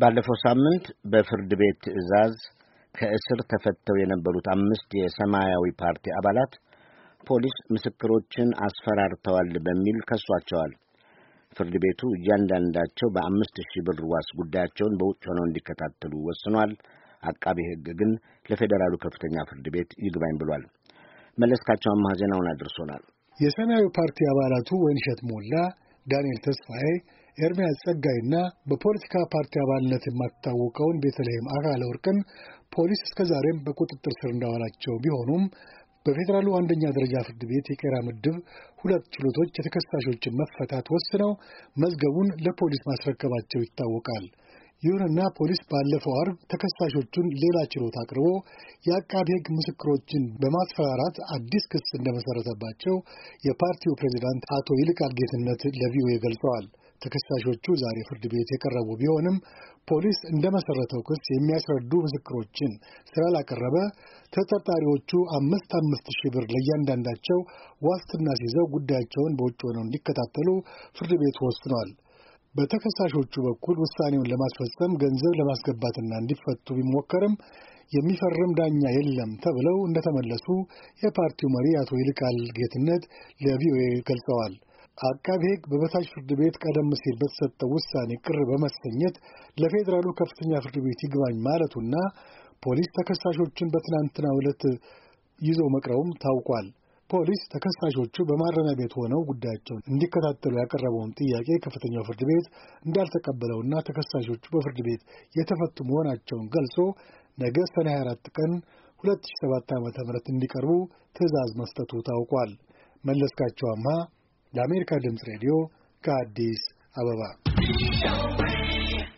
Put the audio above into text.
ባለፈው ሳምንት በፍርድ ቤት ትዕዛዝ ከእስር ተፈተው የነበሩት አምስት የሰማያዊ ፓርቲ አባላት ፖሊስ ምስክሮችን አስፈራርተዋል በሚል ከሷቸዋል። ፍርድ ቤቱ እያንዳንዳቸው በአምስት ሺህ ብር ዋስ ጉዳያቸውን በውጭ ሆነው እንዲከታተሉ ወስኗል። አቃቤ ሕግ ግን ለፌዴራሉ ከፍተኛ ፍርድ ቤት ይግባኝ ብሏል። መለስካቸው አማህ ዜናውን አድርሶናል። የሰማያዊ ፓርቲ አባላቱ ወይንሸት ሞላ፣ ዳንኤል ተስፋዬ፣ ኤርምያስ ጸጋይና በፖለቲካ ፓርቲ አባልነት የማትታወቀውን ቤተልሔም አካለ ወርቅን ፖሊስ እስከዛሬም በቁጥጥር ስር እንዳዋላቸው ቢሆኑም በፌዴራሉ አንደኛ ደረጃ ፍርድ ቤት የቄራ ምድብ ሁለት ችሎቶች የተከሳሾችን መፈታት ወስነው መዝገቡን ለፖሊስ ማስረከባቸው ይታወቃል። ይሁንና ፖሊስ ባለፈው አርብ ተከሳሾቹን ሌላ ችሎት አቅርቦ የአቃቤ ሕግ ምስክሮችን በማስፈራራት አዲስ ክስ እንደመሰረተባቸው የፓርቲው ፕሬዚዳንት አቶ ይልቃል ጌትነት ለቪኦኤ ገልጸዋል። ተከሳሾቹ ዛሬ ፍርድ ቤት የቀረቡ ቢሆንም ፖሊስ እንደመሰረተው ክስ የሚያስረዱ ምስክሮችን ስላላቀረበ ተጠርጣሪዎቹ አምስት አምስት ሺህ ብር ለእያንዳንዳቸው ዋስትና ሲይዘው ጉዳያቸውን በውጭ ሆነው እንዲከታተሉ ፍርድ ቤት ወስኗል። በተከሳሾቹ በኩል ውሳኔውን ለማስፈጸም ገንዘብ ለማስገባትና እንዲፈቱ ቢሞከርም የሚፈርም ዳኛ የለም ተብለው እንደተመለሱ የፓርቲው መሪ አቶ ይልቃል ጌትነት ለቪኦኤ ገልጸዋል። አቃቤ ሕግ በበታች ፍርድ ቤት ቀደም ሲል በተሰጠው ውሳኔ ቅር በመሰኘት ለፌዴራሉ ከፍተኛ ፍርድ ቤት ይግባኝ ማለቱና ፖሊስ ተከሳሾችን በትናንትናው ዕለት ይዞ መቅረቡም ታውቋል። ፖሊስ ተከሳሾቹ በማረሚያ ቤት ሆነው ጉዳያቸውን እንዲከታተሉ ያቀረበውን ጥያቄ ከፍተኛው ፍርድ ቤት እንዳልተቀበለውና ተከሳሾቹ በፍርድ ቤት የተፈቱ መሆናቸውን ገልጾ ነገ ሰኔ 24 ቀን 2007 ዓ ም እንዲቀርቡ ትዕዛዝ መስጠቱ ታውቋል። መለስካቸው አምሃ ለአሜሪካ ድምፅ ሬዲዮ ከአዲስ አበባ